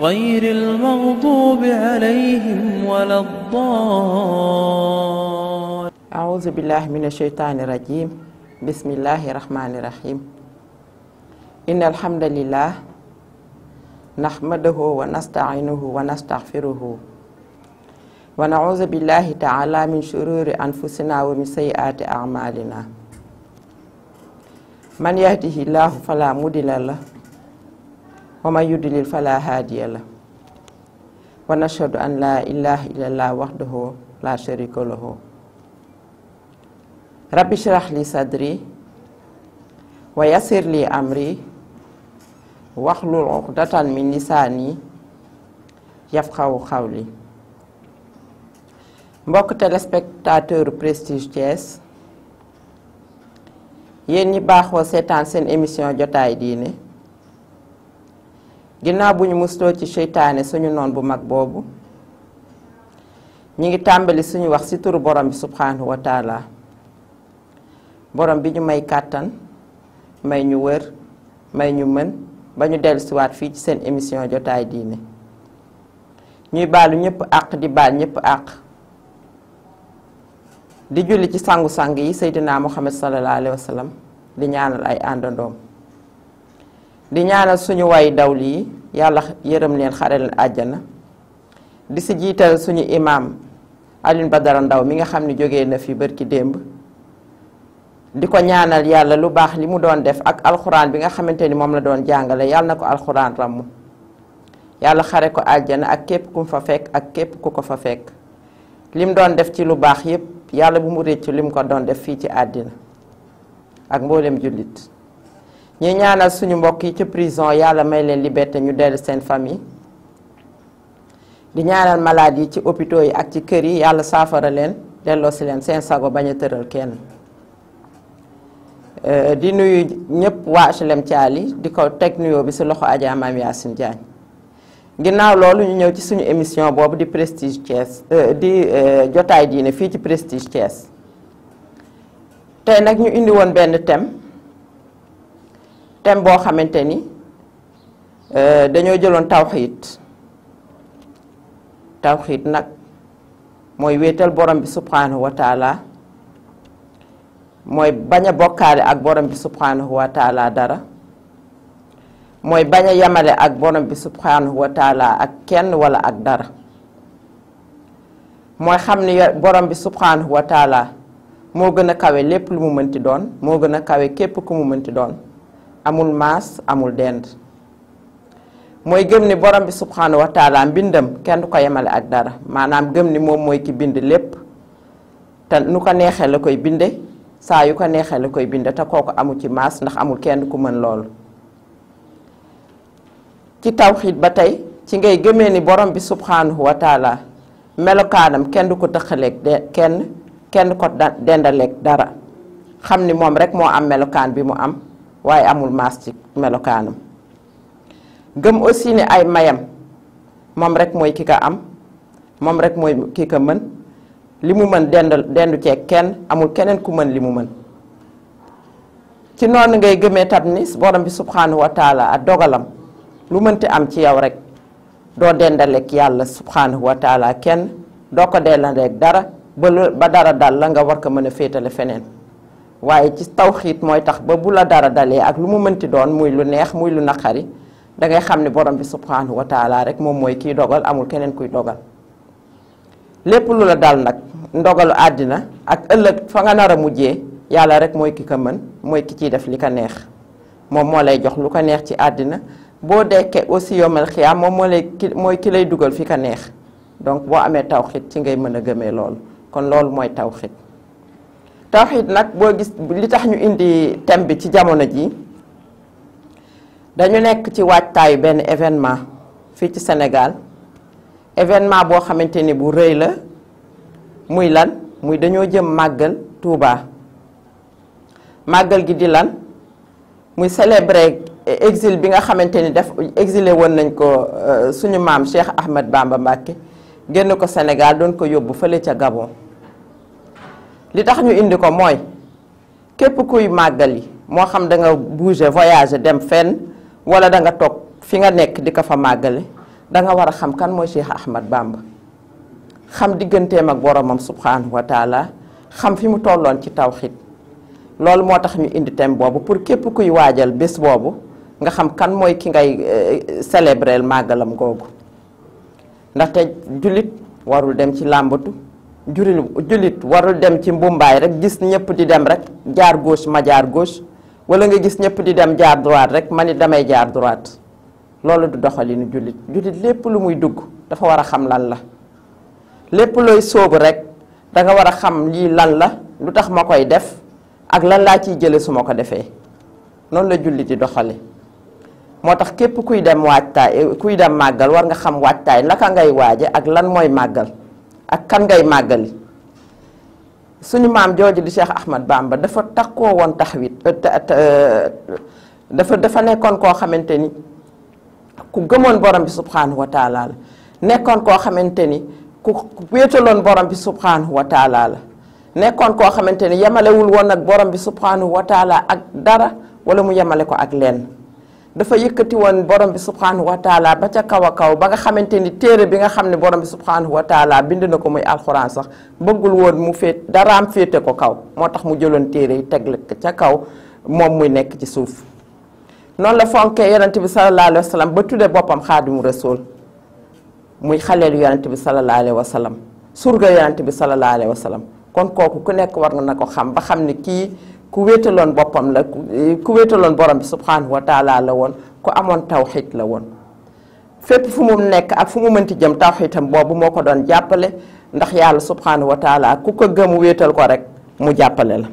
غير المغضوب عليهم ولا الضال أعوذ بالله من الشيطان الرجيم بسم الله الرحمن الرحيم إن الحمد لله نحمده ونستعينه ونستغفره ونعوذ بالله تعالى من شرور أنفسنا ومن سيئات أعمالنا من يهده الله فلا مضل له ومن يدلل فلا هادي له ونشهد أن لا إله إلا الله وحده لا شريك له رب اشرح لي صدري ويسر لي أمري واحلل عقدة من لساني يفقه قولي mbokk téléspectateur Prestige Thiès yéen ñi baaxoo seetaan seen émission jotaay diine ginnaaw bu ñu ci cheytaane suñu noon bu mag boobu ñi ngi tàmbali suñu wax ci turu borom bi subhanahu wa taala borom bi ñu may kàttan may ñu wër may ñu mën ba ñu dellusiwaat fii ci seen émission jotaay diine ñuy baalu ñëpp àq di baal ñëpp àq di julli ci sangu-sang yi seydinaa muhammad sallallahu alayhi wa sallam di ñaanal ay àndandoom di ñaanal suñu way dawli yi yàlla yërëm leen xare leen àjjana di si jiital suñu imaam Alioune Badara Ndaw mi nga xam ne jóge na fi bërki démb di ko ñaanal yàlla lu baax li mu doon def ak alxuraan bi nga xamante ni moom la doon jàngale yàlla na ko alxuraan ràmm yàlla xare ko àjjana ak képp ku fa fekk ak képp ku ko fa fekk lim doon def ci lu baax yépp yàlla bu mu réccu lim ko doon def fii ci àddina ak mboolem jullit ñu ñaanal suñu mbokk yi ci prison yàlla may leen liberté ñu dellu seen famille di ñaanal malade yi ci hôpitaux yi ak ci kër yi yàlla saafara leen delloo si leen seen sago bañ a tëral kenn euh, di nuyu ñëpp waa HLM Thialy di ko teg nuyoo bi si loxo Adja Mame Yacine Diagne ginnaaw loolu ñu ñëw ci suñu émission boobu di Prestige Thiès euh, di euh, jotaay diine fii ci Prestige Thiès tey nag ñu indi woon benn thème tem boo xamante ni euh, dañoo jëloon tawxiit tawxiit nag mooy wéetal borom bi subhanahu wa mooy bañ a ak borom bi subhanahu wa dara mooy bañ a yemale ak borom bi subhanahu wa taala ak kenn wala ak dara mooy xam ni borom bi subhanahu wa moo gën a kawe lépp lu mu mënti doon moo gën a kawe képp ku mu mënti doon amul maas amul dend mooy gëm ni borom bi subxanahu wa taala mbindam kenn du ko yemale ak dara maanaam gëm ni moom mooy ki bind lépp te nu ko neexee la koy binde saa yu ko neexee la koy binde te kooku amul ci maas ndax amul kenn ku mën loolu. ci tawxiid ba tey ci ngay gëmee ni borom bi subxanahu wa taala melokaanam kenn du ko tëqaleeg de kenn kenn ko dendaleeg dara xam ni moom rek moo am melokaan bi mu am. waaye amul maas ci melokaanam gëm aussi ni ay mayam moom rek mooy ki ko am moom rek mooy ki ko mën li mu mën dend dendu ceeg kenn amul keneen ku mën li mu mën ci noonu ngay gëmee tam ni borom bi subhanahu wa taala ak dogalam lu mënti am ci yow rek doo dendaleek yàlla subhanahu wa kenn doo ko dendaleek dara ba ba dara dal la nga war ko mën a féetale feneen waaye ci tawxiit mooy tax ba bu la dara dalee ak lu mu mënti doon muy lu neex muy lu naqari dangay xam ne borom bi subhanahu wa taala rek moom mooy kiy dogal amul keneen kuy dogal lépp lu la dal nag ndogalu àddina ak ëllëg fa nga nar a mujjee yàlla rek mooy ki ko mën mooy ki ciy def li ko neex moom moo lay jox lu ko neex ci àddina boo dekkee aussi yomal xiyaam moom moo lay ki mooy ki lay dugal fi ko neex donc boo amee tawxiit ci ngay mën a gëmee loolu kon loolu mooy tawxiit tawxiid nag boo gis li tax ñu indi thème bi ci jamono ji dañu nekk ci waajtaayu benn événement fii ci Sénégal événement boo xamante ni bu rëy la muy lan muy dañoo jëm màggal Touba màggal gi di lan muy célébrer exil bi nga xamante ni def exilé woon nañ ko euh, suñu maam Cheikh Ahmed Bamba Mbacké génn ko Sénégal doon ko yóbbu fële ca Gabon li tax ñu indi ko mooy képp kuy màggal yi moo xam danga nga bouger dem fenn wala danga toog fi nga nekk di ko fa màggale danga war a xam kan mooy Cheikh Ahmad Bamba xam digganteem ak boromam subhanahu wa xam fi mu tolloon ci tawxid loolu moo tax ñu indi tem boobu pour képp kuy waajal bés boobu nga xam kan mooy ki ngay eh, célébrer màggalam googu ndaxte jullit warul dem ci làmbatu jullit julit warul dem ci mbumbay rek gis ñepp di dem rek jaar gauche ma jaar gauche wala nga gis ñepp di dem jaar droite rek mani ni damay jaar droite lolu du doxalinu jullit jullit lepp lu muy dugg dafa wara xam lan la lepp loy soob rek da nga wara xam li lan la lutax makoy def ak lan la ci jële su ma ko defee la julit di doxali motax kep kuy dem waajtaay kuy dem magal war nga xam naka ngay waje ak lan moy magal ak kan ngay màggali suñu maam jooju di Cheikh Ahmad Bamba dafa takkoo woon taxawit euh, euh, dafa dafa nekkoon koo xamante ni ku gëmoon borom bi subhanahu wa taala la nekkoon koo xamante ni ku wéetaloon bi subhanahu la nekkoon koo xamante ni yemalewul woon ak borom bi subhanahu wa taala ak dara wala mu yemale ko ak lenn dafa yëkkati won borom bi subhanahu wa taala ba ca kaw kaw ba nga xamanteni téré bi nga xam borom bi subhanahu wa taala bind na ko muy alxuraan sax bëggul won mu fét dara am fété ko kaw motax mu jëloon téré yi teg ca kaw mom muy nekk ci suuf non la fonké yaronte bi sallallahu alayhi wasallam ba tuddé bopam khadimu rasul muy xaleelu yaronte bi sallallahu alayhi wasallam surga yaronte bi sallallahu alayhi wasallam kon koku ku nekk war nga nako xam ba xamni ki ku wéetaloon boppam la ku eh, wéetaloon borom bi subhanahu wa taala la woon ku amoon tawxid la woon fépp fu mu nekk ak fu mu mënti jëm tawxidam boobu moo ko doon jàppale ndax yàlla subhanahu wa taala ku ko gëm wéetal ko rek mu jàppale la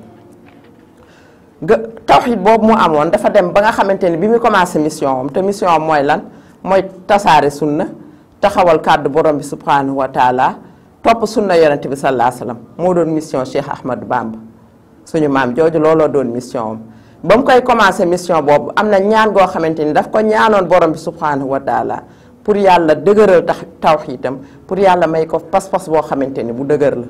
nga tawxid boobu mu amoon dafa dem ba nga xamante ni bi mu commencé mission am te mission am mooy lan mooy tasaare sunna taxawal kàddu borom bi subhanahu wa taala topp sunna yonente bi sallallahu alayhi moo doon mission Cheikh Ahmadou suñu maam jooju looloo doon mission am ba mu koy commencé mission boobu am na ñaan goo xamante ni daf ko ñaanoon borom bi subhanahu wa taala pour yàlla dëgëral tax taw tawxiitam pour yàlla may ko pas-pas boo xamante ni bu dëgër la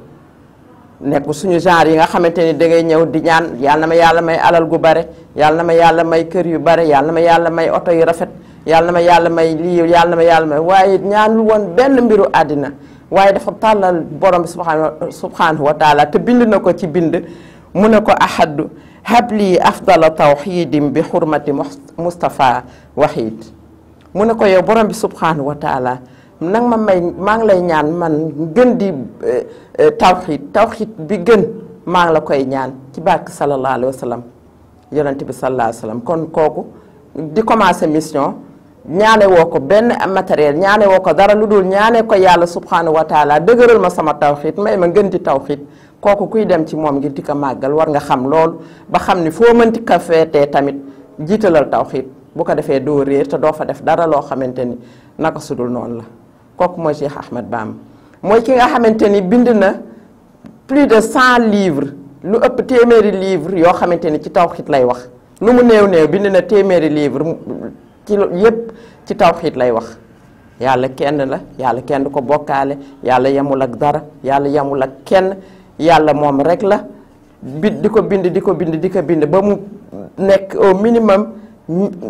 nekk suñu genre yi nga xamante ni dangay ñëw di ñaan yàlla na ma yàlla may alal gu bare yàlla na ma yàlla may kër yu bare yàlla ma yàlla may oto yu rafet yàlla na ma yàlla may lii yàlla ma yàlla may waaye ñaan lu woon benn mbiru àddina waaye dafa tàllal borom bi subhanahu subhanahu bind na ko ci bind mu ne ko ahaddu habli afdala tawxiidin bi xurmati Moustapha waxiid mu ne ko yow borom bi subhanahu wa taala nag ma may maa ngi lay ñaan man gën di tawxiid tawxiid bi gën maa ngi la koy ñaan ci barke sallallahu alayhi wa sallam yonent bi sallallahu alayhi wa sallam kon kooku di commencer mission ñaane woo ko benn matériel ñaane woo ko dara lu dul ñaane ko yàlla subhanahu wa taala dëgëral ma sama tawxiid may ma gën di tawxiid kooku kuy dem ci moom ngir dikk a màggal war nga xam lool ba xam ni foo mënti ka feetee tamit jiitalal tawxiid bu ko defee doo réer te doo fa def dara loo xamante ni naka sudul noonu la kooku mooy Cheikh Ahmed Bamba mooy ki nga xamante ni bind na plus de cent livres lu ëpp téeméeri livres yoo xamante ni ci tawxiid lay wax lu mu néew néew bind na téeméeri livre ci yépp ci tawxiid lay wax yàlla kenn la yàlla kenn du ko bokkaale yàlla yemul ak dara yàll yemul ak kenn yàlla moom rek la bi di ko bind di ko bind di ko bind ba mu nekk au minimum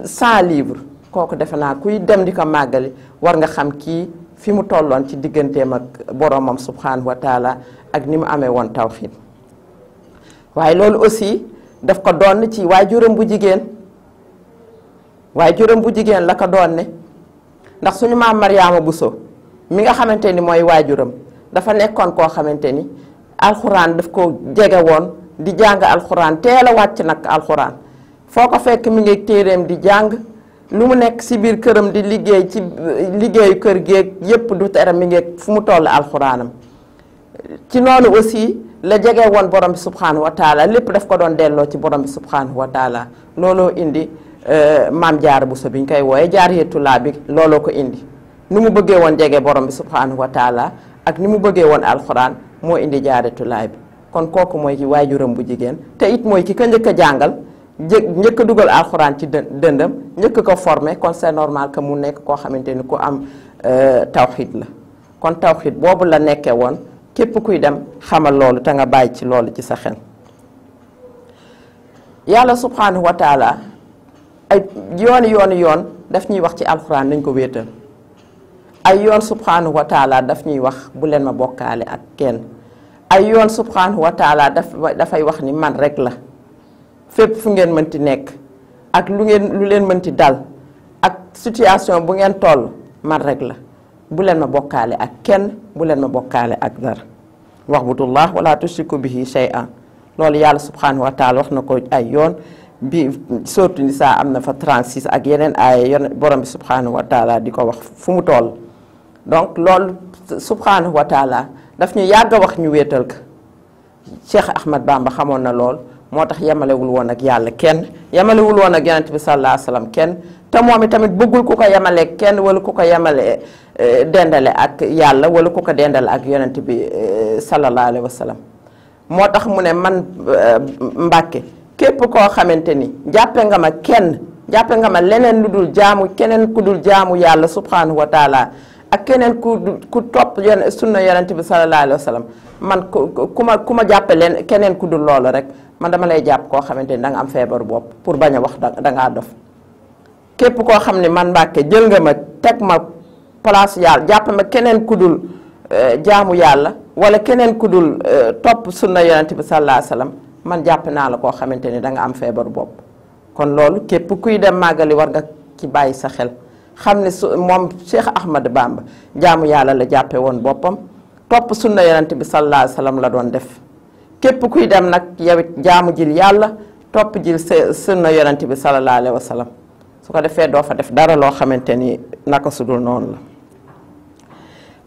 cent livres kooku defe naa kuy dem di ko màggali war nga xam kii fi mu tolloon ci digganteem ak boromam subhanahu wa taala ak ni mu amee woon tawxiid waaye loolu aussi daf ko doon ci waajuram bu jigéen waajuram bu jigéen la ko doon ne ndax suñu maam bu Bousso mi nga xamante ni mooy waajuram dafa nekkoon koo xamante ni alxuraan daf ko jege woon di jàng alxuraan teel wàcc nag alxuraan foo ko fekk mu ngi téereem di jàng lu mu nekk si biir këram di liggéey ci liggéeyu kër géeg yépp du tere mi ngi fu mu toll alxuraanam ci noonu aussi la jege woon borom bi subhanahu wa lépp daf ko doon delloo ci borom bi subhanahu wa taala looloo indi euh, maam jaar bu so bi koy wooye jaar yettulaa bi looloo ko indi nu mu bëggee woon jege borom bi subhanahu wa taala ak ni mu bëggee woon alxuraan moo indi jaaretulaay bi kon kooku mooy ki waajuram bu jigéen te it mooy ki ko njëkk a jàngal jë njëkk dugal alxuraan ci dëndam njëkk ko formé kon c'est normal que mu nekk koo xamante ni ku am euh, tawxid la kon tawxid boobu la nekkee woon képp kuy dem xamal loolu te nga bàyyi ci loolu ci sa xel yàlla subhanahu wa taala ay yooni yooni yoon daf ñuy wax ci alxuraan nañ ko wéetal ay yoon subhanahu wa daf ñuy wax bu leen ma bokkaale ak kenn ayon subhanahu wa taala fay wax ni man rek la fep fu ngeen meunti nek ak lu ngeen lu len meunti dal ak situation bu ngeen toll man rek la bu len ma bokale ak ken bu len ma bokale ak dara wa'budullah wala tushriku bihi shay'a lol yàlla subhanahu wa taala wax nako ayon bi sortu ni sa amna fa 36 ak yenen ay yon borom subhanahu wa taala diko wax fu mu toll donc lol subhanahu wa taala daf ñu yàgg wax ñu wéetal ko Cheikh Ahmad Bamba xamoon na lool moo tax yemalewul woon ak yàlla kenn yemalewul woon ak yonent bi sallallahu alayhi wasallam kenn te moom itamit bëggul ku ko yemalee kenn wala ku ko yemalee eh, dendale ak yàlla wala ku ko dendale ak yonent bi eh, sallallahu alayhi wasallam moo tax mu ne man eh, Mbàkke képp koo xamante ni jàppe nga ma kenn jàppe nga ma leneen lu dul jaamu keneen ku dul jaamu yàlla subhanahu wa keneen ku ku topp yenn sunna yonent bi sallallahu alayhi wa sallam man ku ku ma ku ma jàppe leen keneen ku dul loolu rek man dama lay jàpp koo xamante ni danga am feebaru bopp pour bañ a wax da ngaa dof koo xam ne man Mbàkke jël nga ma teg ma place jàpp ma keneen ku dul eh, jaamu yàlla wala keneen ku dul eh, topp sunna yonent bi sallallahu alayhi man jàpp naa la koo xamante ni da nga am feebaru bopp kon loolu képp kuy dem màggali war nga ci bàyyi sa xel xam ne su moom Cheikh Ahmad Bamba jaamu yàlla la jàppe woon boppam topp sunna yonent bi sallallahu alayhi la doon def képp kuy dem nag yawit jaamu jil yàlla topp jil sunna yonent bi sallallahu alayhi wa sallam su ko defee doo fa def dara loo xamante ni naka su dul noonu la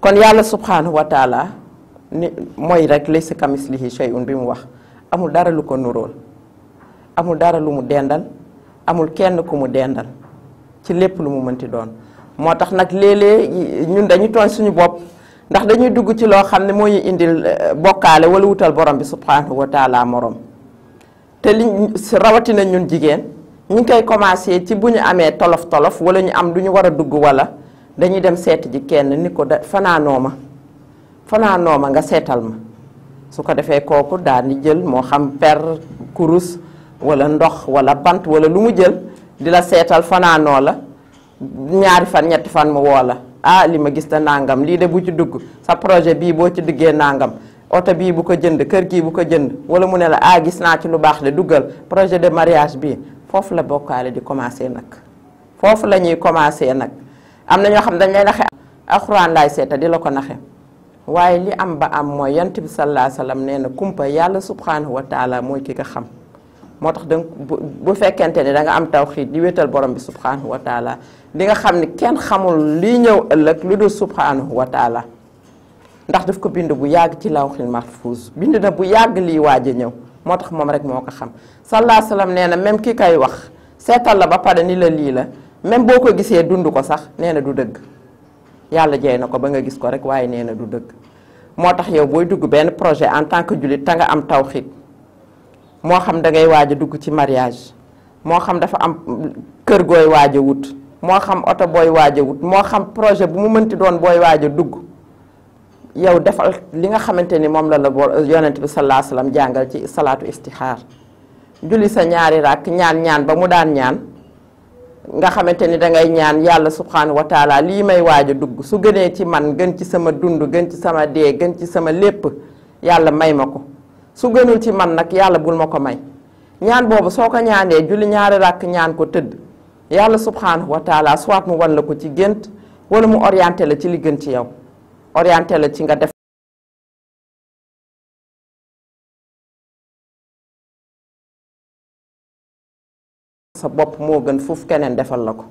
kon yàlla subhanahu wa taala ni mooy rek laysa kamislihi shay'un bi mu wax amul dara lu ko nurool amul dara lu mu dendal amul kenn ku mu dendal ci lepp lu mu mënti doon motax nak lélé ñun dañu tooñ suñu bop ndax dañuy dugg ci lo xam moy indil eh, bokalé wala wutal borom bi subhanahu wa taala morom té li na ñun jigen ñu kay commencé ci buñu amé tolof tolof wala ñu am duñu wara dugg wala dañuy dem sét ji kenn ni ko da fanaanoo ma nga sétal ma su ko defee koku daani jël mo xam per kurus wala ndox wala bant wala lu mu jël di la seetal fanaanoo la ñaari fan ñetti fan mu woo la ah li ma gis te nangam lii de bu ci dugg sa projet bii boo ci diggee nangam oto bii bu ko jënd kër gii bu ko jënd wala mu ne la ah gis naa ci lu baax de duggal projet de mariage bii foofu la bokkaale di commencé nag foofu la ñuy commencé nag am na ñoo xam dañ lay naxe alxuraan laay seetal di la ko naxe waaye li am ba am mooy yant bi sallallahu alayhi wa nee na kumpa yàlla subhanahu wa taala mooy kii nga xam motax dang bu fekente ni da nga am tawhid di wetal borom bi subhanahu wa taala li nga xamni ken xamul li ñëw ëlëk lu do subhanahu wa taala ndax daf ko bindu bu yag ci lawhil mahfuz bindu na bu yag li waaj ñëw motax mom rek moko xam sallallahu alayhi wasallam neena même ki kay wax setal la ba pare ni la li la même boko ko dundu ko sax neena du deug yàlla jey nako ba nga gis ko rek waye neena du deug motax yow boy dugg ben projet en tant que julit ta nga am tawhid moo xam da ngay waaj dugg ci mariage moo xam dafa am kër gooy waaj wut moo xam oto booy waaj wut moo xam projet bu mu mënti doon booy waaj a dugg yow defal li nga xamante ni moom la la boo yonent bi sallallahu jàngal ci salaatu istixaar julli sa ñaari ràkk ñaan ñaan ba mu daan ñaan nga xamante ni dangay ñaan yàlla subhanahu wa taala lii may waaja dugg su gënee ci man gën ci sama dund gën ci sama dee gën ci sama lépp yàlla may ma ko su gënul ci man nag yàlla bul ma ko may ñaan boobu soo ko ñaanee julli ñaari ràkk ñaan ko tëdd yàlla subhanahu wa taala soit mu wan la ko ci gént wala mu orienté la ci li gën ci yow orienté la ci nga def sa bopp moo gën foofu keneen defal la ko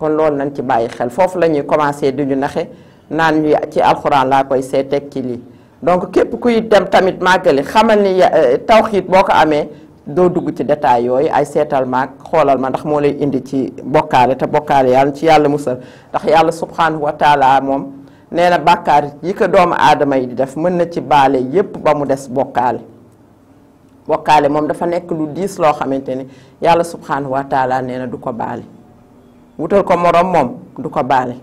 kon loolu nañ ci bàyyi xel foofu la ñuy commencé duñu naxe naan ñuy ci alxuraan laa koy seet teg ci lii donc képp kuy dem tamit màggali xamal ni eh, tawxiit boo ko amee doo dugg ci détail yooyu ay seetal maag xoolal ma ndax moo lay indi ci bokkaale te bokkaale yàlla ci yàlla musal ndax yàlla subhanahu wa moom nee na bàkkaar yi doomu aadama yi di def mën na ci baale yépp ba mu des bokkaale bokkaale moom dafa nekk lu diis loo xamante ni yàlla subhanahu wa nee na du ko baale wutal ko moroom moom du ko baale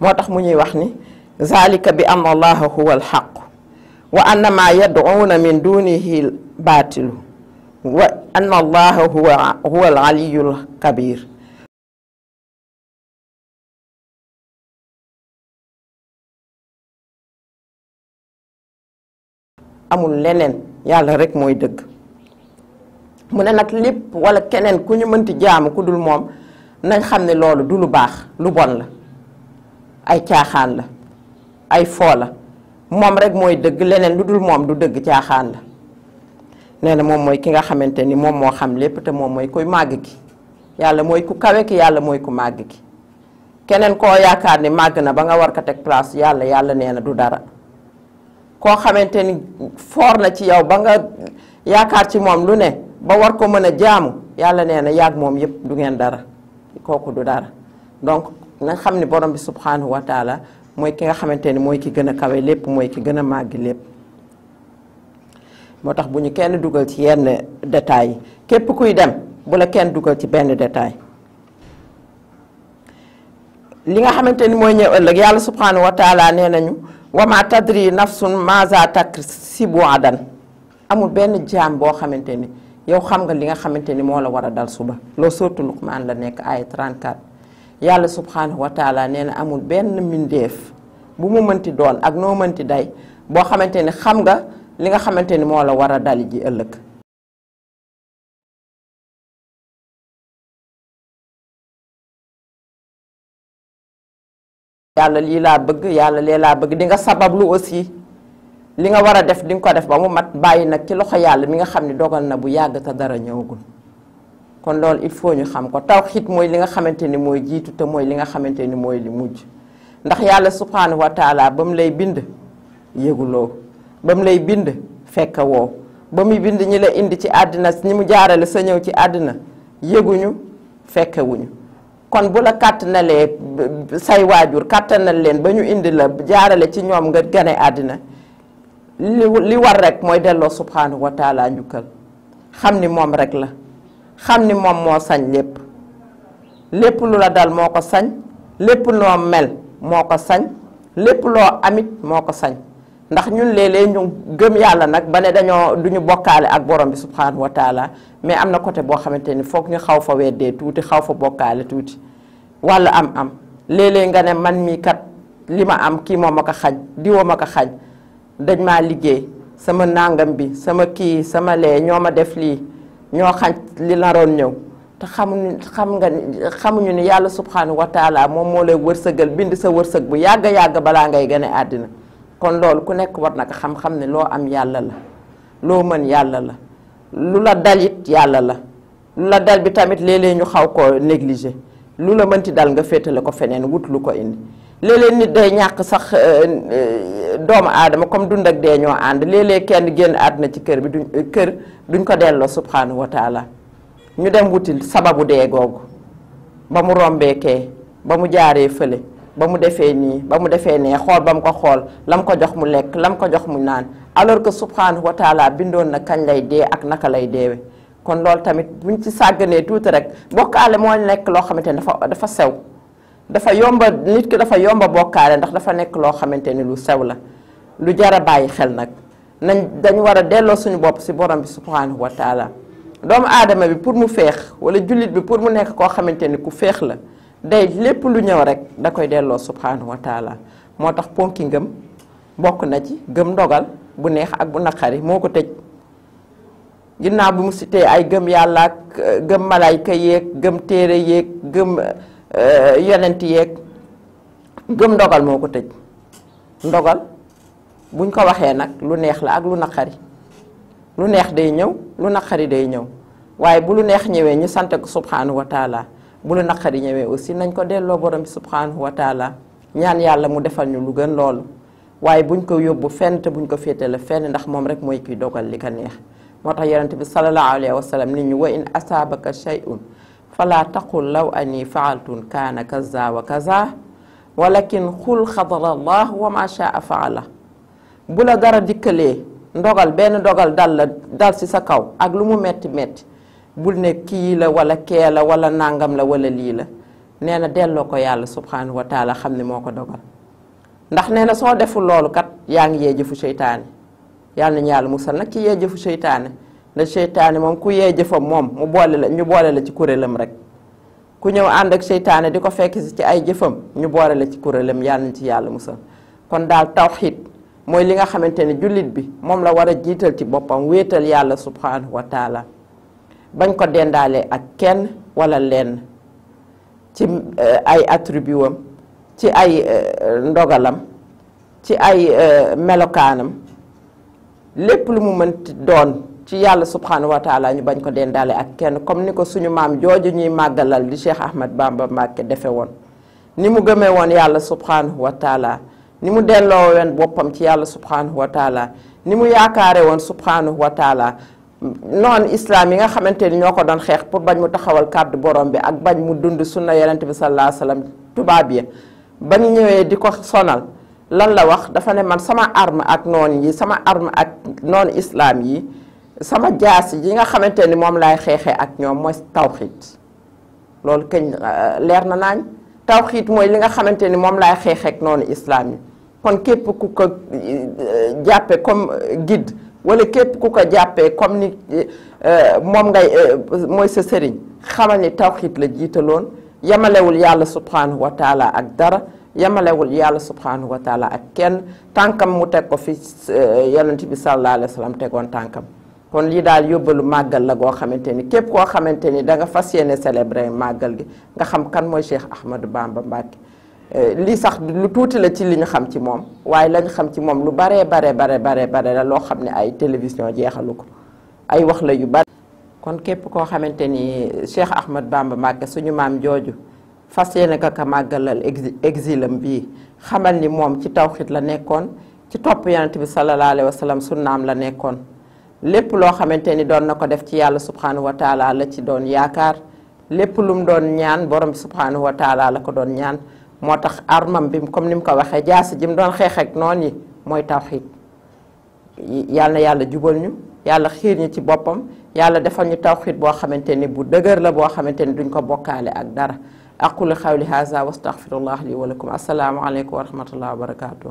moo tax mu ñuy wax ni zalika bi anna allaha huwa alxaq wa anna ma min dunihi lbaatilu wa anna allaha huwa huwa alaliyu lkabir amul leneen yàlla rek mooy dëgg mu ne nag lépp wala keneen ku ñu mënti jaamu ku dul moom nañ xam ne loolu du lu baax lu bon la ay caaxaan la ay foo la moom rek mooy dëgg leneen lu dul moom du dëgg caaxaan la nee na moom mooy ki nga xamante ni moom moo xam lépp te moom mooy koy màgg ki yàlla mooy ku kawe ki yàlla mooy ku màgg ki keneen koo yaakaar ni màgg na ba nga war ko teg place yàlla yàlla nee na du dara koo xamante ni foor na ci yow ba nga yaakaar ci moom lu ne ba war ko mën a jaamu yàlla nee na yàgg moom yëpp du ngeen dara kooku du dara donc na xam ni borom bi subhanahu wa mooy ki nga xamante ni mooy ki gën a kawe lépp mooy ki gën a màgg lépp moo tax bu ñu kenn dugal ci yenn détails yi képp kuy dem bu la kenn dugal ci benn détail li nga xamante ni mooy ñëw ëllëg yàlla subhanahu wa nee nañu wama tadri nafsun maza taksibu àddan amul benn jaam boo xamante ni yow xam nga li nga xamante ni moo la war a dal suba loo sootu Luqmaan la nekk ay 34 yàlla subhanahu wa nee na amul benn mbindeef bu mu mënti doon ak noo mënti day boo xamante ni xam nga li nga xamante ni moo la war a dal ji ëllëg yàlla lii laa bëgg yàlla lee laa bëgg di nga sabablu aussi li nga war a def di nga ko def ba mu mat bàyyi nag ci loxo yàlla mi nga xam ni dogal na bu yàgg te dara ñëwagul kon loolu il faut ñu xam ko tawxiid mooy li nga xamante ni mooy jiitu te mooy li nga xamante ni mooy li mujj ndax yàlla subhaanahu wa taala ba mu lay bind yëguloo ba mu lay bind fekk ba muy bind ñi la indi ci àddina ñi mu jaarale sa ñëw ci àddina yëguñu fekkewuñu kon bu la kàttanalee say waajur kàttanal leen ba ñu indi la jaarale ci ñoom nga gane àddina li war rek mooy delloo subhaanahu wa taala xam ni moom rek la xam ni moom moo sañ lépp lépp lu la dal moo ko sañ lépp loo mel moo ko sañ lépp loo amit moo ko sañ ndax ñun léeg-léeg ñu gëm yàlla nag ba ne dañoo du ñu bokkaale ak borom bi subhanahu wa taala mais am na côté boo xamante ni foog ñu xaw fa weddee tuuti xaw fa bokkaale tuuti walla am am léeg-léeg nga ne man mii kat li ma am kii moo ma ko xañ diwa ma xañ dañ maa liggéey sama nàngam bi sama kii sama lee ñoo ma def lii ñoo xañ li naroon ñëw te xamuñu xam nga xamuñu ni yàlla subhanahu wa taala moom moo lay wërsëgal bind sa wërsëg bu yàgg yàgg balaa ngay gane àddina kon loolu ku nekk war naka xam-xam ne loo am yàlla la loo mën yàlla la lu la dal it yàlla la lu la dal bi tamit léeg-léeg ñu xaw ko négligé lu la mënti dal nga féetale ko feneen wut lu ko indi léeg-léeg nit day ñàkk sax euh, euh, doomu aadama comme dund ak dee ñoo ànd léeg-léeg kenn génn àdduna ci kër bi du euh, kër duñ ko delloo subhanahu wa ñu dem wutil sababu dee googu ba mu rombeekee ba mu jaaree fële ba mu defee nii ba mu defee nee xool ba mu ko xool lam ko jox mu lekk lam ko jox mu naan alors que subhanahu wa bindoon na kañ lay dee ak naka lay deewe kon loolu tamit buñ ci sàgganee tuuti rek bokkaale moo nekk loo xamante ne dafa dafa sew dafa yomba nit ki dafa yomba bokkaale ndax dafa nekk loo xamante ni lu sew la lu jar a bàyyi xel nag nañ dañ war a delloo suñu bopp si borom bi subhanahu wa taala doomu aadama bi pour mu féex wala jullit bi pour mu nekk koo xamante ni ku féex la day lépp lu ñëw rek da koy delloo subhanahu wa taala moo tax ponki ngëm bokk na ci gëm ndogal bu neex ak bu naqari moo ko tëj ginnaaw bi mu cité ay gëm yàlla ak gëm malayka yeeg gëm téere yeeg gëm Euh, yonent yeeg gëm ndogal moo ko tëj ndogal buñ ko waxee nag lu neex la ak lu naqari lu neex day ñëw lu naqari day ñëw waaye bu lu neex ñëwee ñu sant ko subhanahu wa taala bu lu naqari ñëwee aussi nañ ko delloo borom bi subhanahu wa ñaan yàlla mu defal ñu lu gën loolu waaye buñ ko yóbbu fenn te buñ ko féetale fenn ndax moom rek mooy kii dogal li ko neex moo tax yonent bi sallallahu alayhi wa nit ñu wa in asaabaka shay'un فلا تقل لو أني فعلت كان كذا وكذا ولكن قل قدر الله وما شاء فعله bu la dara dikkalee ndogal benn ndogal dal la dal ci sa kaw ak lu mu metti metti bul ne kii la wala kee la wala nàngam la wala lii la nee na delloo ko yàlla subhanahu wa taala xam ne moo ko dogal ndax nee na soo deful loolu kat yaa ngi yee jëfu seytaane yàlla nañu yàlla musal nag ci yee jëfu seytaane ne seytaane moom ku yee jëfam moom mu boole la ñu boole la ci kuréelam rek ku ñëw ànd ak seytaane di ko fekk si ci ay jëfam ñu boole la ci kuréelam yàlla nañ ci yàlla musal kon daal tawxiid mooy li nga xamante ne jullit bi moom la war a jiital ci boppam wéetal yàlla subhanahu wa taala bañ ko dendaale ak kenn walla lenn ci eh, ay attribut ci ay eh, ndogalam ci ay eh, melokaanam lépp lu mu mënti doon ci yàlla subhanahu wa taala ñu bañ ko dendaale ak kenn comme ni ko suñu maam jooju ñuy màggalal di Cheikh Ahmad Bamba Mbàkke defe woon ni mu gëmee woon yàlla subhanahu wa ni mu delloo woon boppam ci yàlla subhanahu wa ni mu yaakaare woon subhanahu wa taala noonu islam yi nga xamante ni ñoo ko doon xeex pour bañ mu taxawal kàddu borom bi ak bañ mu dund sunna yonent bi sallallahu alayhi wa tubaab ya ba ñu ñëwee di ko sonal lan la wax dafa ne man sama arme ak yi sama arme ak noonu islam yi sama jaas yi nga xamanteni mom lay laay ak ñom moy tawhid lool keñ leer na nañ tawhid moy li nga xamanteni mom lay laay xeexee ak noonu islaam kon képp ku ko jàppe comme guide wala képp ku ko jappé comme ni mom ngay moy sa sëriñ xamal tawhid la jitalon yamalewul yàlla subhanahu wa taala ak dara yamalewul yàlla subhanahu wa taala ak kenn tànkam mu tek ko fi yalla nti bi sallallahu alayhi wasallam tekon tànkam kon li daal yóbbalu màggal la goo xamante ni képp koo xamante ni da nga fas yéene célébré màggal gi nga xam kan mooy Cheikh Ahmadou Bamba Mbacke. Euh, li sax lu tuuti la ci li ñu xam ci moom waaye lañ xam ci moom lu baree bare bare bare bare la loo xam ne ay télévision jeexalu ko ay wax la yu bare kon képp koo xamante ni Cheikh Ahmad Bamba Mbacke suñu maam jooju fas yéene ka ka màggalal exilam bii xamal ni moom ci tawxit la nekkoon ci topp yonente bi sallallahu alayhi wa sallam sunnaam la nekkoon lépp loo xamante ni doon na ko def ci yàlla subhanahu wa la ci doon yaakaar lépp lu mu doon ñaan borom bi subhanahu wa la ko doon ñaan moo tax armam bi comme ni mu ko waxee jaasi ji mu doon xeex noon yi mooy tawxiid yàlla yàlla jubal ñu yàlla xiir ñu ci boppam yàlla defal ñu tawxiid boo xamante ni bu dëgër la boo xamante ni duñ ko bokkaale ak dara ak aqulu xawli haza wa astaghfirullah li wa lakum assalaamu aleykum wa rahmatullah wa barakatuh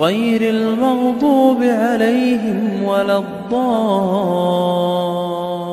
غير المغضوب عليهم ولا الضالين